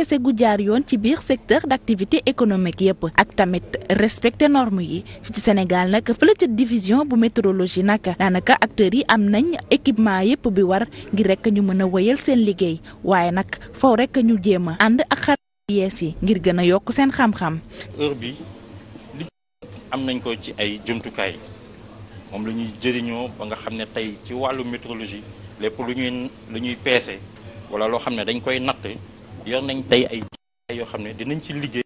kese gu jaar yoon ci biir secteur d'activité économique yëpp ak tamit respecté normes yi fi ci Sénégal nag fële ca division bu météorologie nag daanaka acteurs yi am nañ équipement yëpp bi war ngir rek ñu mën a wéyal seen liggéey waaye nag foofu rek ñu jéem a ànd ak xar yees yi ngir gën a yokk seen xam-xam. am nañ ko ci ay jumtukaay moom la ñuy jëriñoo ba nga xam ne tey ci wàllu météorologie lépp lu ñuy lu peese wala loo xam ne dañ koy natt. yor nañ tey ay yoo xam ne dinañ ci liggéey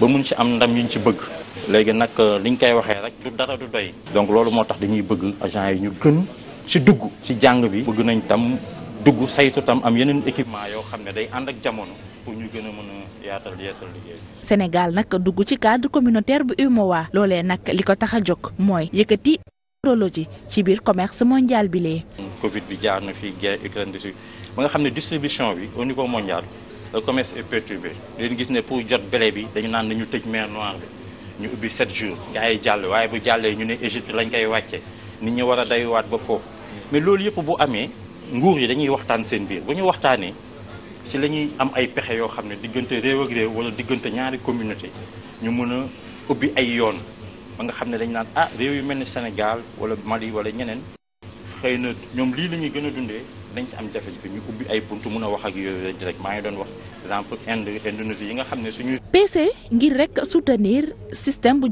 ba mun ci am ndam yuñ ci bëgg léegi nag liñ euh, koy waxee rek du dara du doy donc loolu moo tax dañuy bëgg agent yi ñu gën ci dugg ci jàng bi bëgg nañ tam dugg saytu tam am yeneen équipement yoo xam ne day ànd ak jamono pour ñu gën a mën a yaatal yeesal liggéey Sénégal nag dugg ci cadre communautaire bu waa loolee nag li ko tax a jóg mooy yëkkati urologie ci biir commerce mondial bi lee Covid bi jaar na fii guerre Ukraine ba nga xam ne distribution bi au niveau mondial le commerce est perturbé leen gis ne pour jot blé bi dañu naan nañu tëj mer noire bi ñu ubbi 7 jours gars yi jàll waaye bu jàllee ñu ne Égypte lañ koy wàcce nit ñi war a dayuwaat ba foofu mais loolu yëpp bu amee nguur yi dañuy waxtaan seen biir bu ñu waxtaanee ci la ñuy am ay pexe yoo xam ne diggante réew ak réew wala diggante ñaari communauté ñu mën a ubbi ay yoon ba nga xam ne dañu naan ah réew yu mel ni Sénégal wala Mali wala ñeneen xëy na ñoom lii la ñuy gën a dundee dañ ci am jafe a wax ak yooyu rek maa doon wax nga xam ne suñuy. ngir rek soutenir système bu.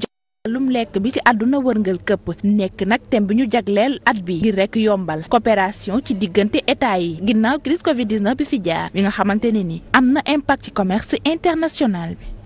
wàllum lekk bi ci àdduna wërngal këpp nekk nag thème bi ñu jagleel at bi ngir rekk yombal coopération ci diggante état yi ginnaaw crise covid 19 bi fi jaar bi nga xamante ne ni am na impact ci commerce international bi